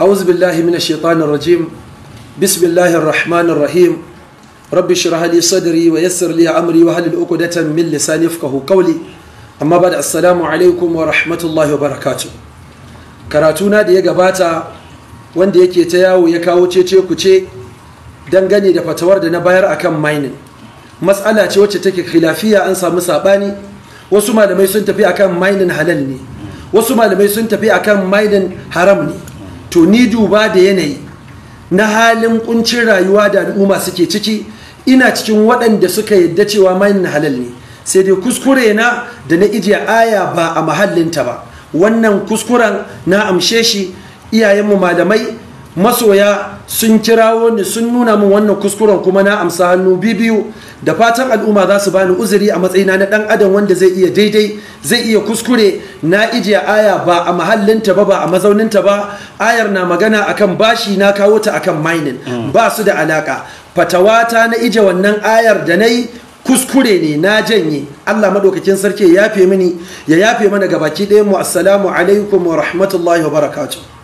أعوذ بالله من الشيطان الرجيم بسم الله الرحمن الرحيم رب اشرح لي صدري ويسر لي أمري وهل عقدة من لساني يفقه قولي أما بعد السلام عليكم ورحمة الله وبركاته karatuna da ya gabata wanda yake ta yawo ya kawo cece kuce dangane da fatawar da na bayar akan mining matsala ce wacce take khilafiya an samu saɓani. wasu malamai sun tafi akan mining halal ne wasu malamai sun tafi akan maidan haram ne to ni duba da yanayi na halin kuncin rayuwa da al'umma suke ciki ina cikin waɗanda suka yadda cewa maidan halal ne sai dai kuskure na da na ije aya ba a mahallinta ba wannan kuskuren na amshe shi iyayenmu malamai masoya sun kirawo ni sun nuna min wannan kuskuren kuma na amsa hannu bibiyu da fatan al'umma za su bani uzuri a matsayina na dan adam wanda zai iya daidai zai iya kuskure na ije aya ba a mahallinta ba ba a mazauninta ba ayar na magana akan bashi na kawo ta akan mainin mm. ba su da alaka fatawata na ije wannan ayar da na yi kuskure ne na janye Allah madaukakin sarki ya yafe mini ya yafe mana gabaki ɗayan mu assalamu alaikum wa rahmatullahi wa barakatuh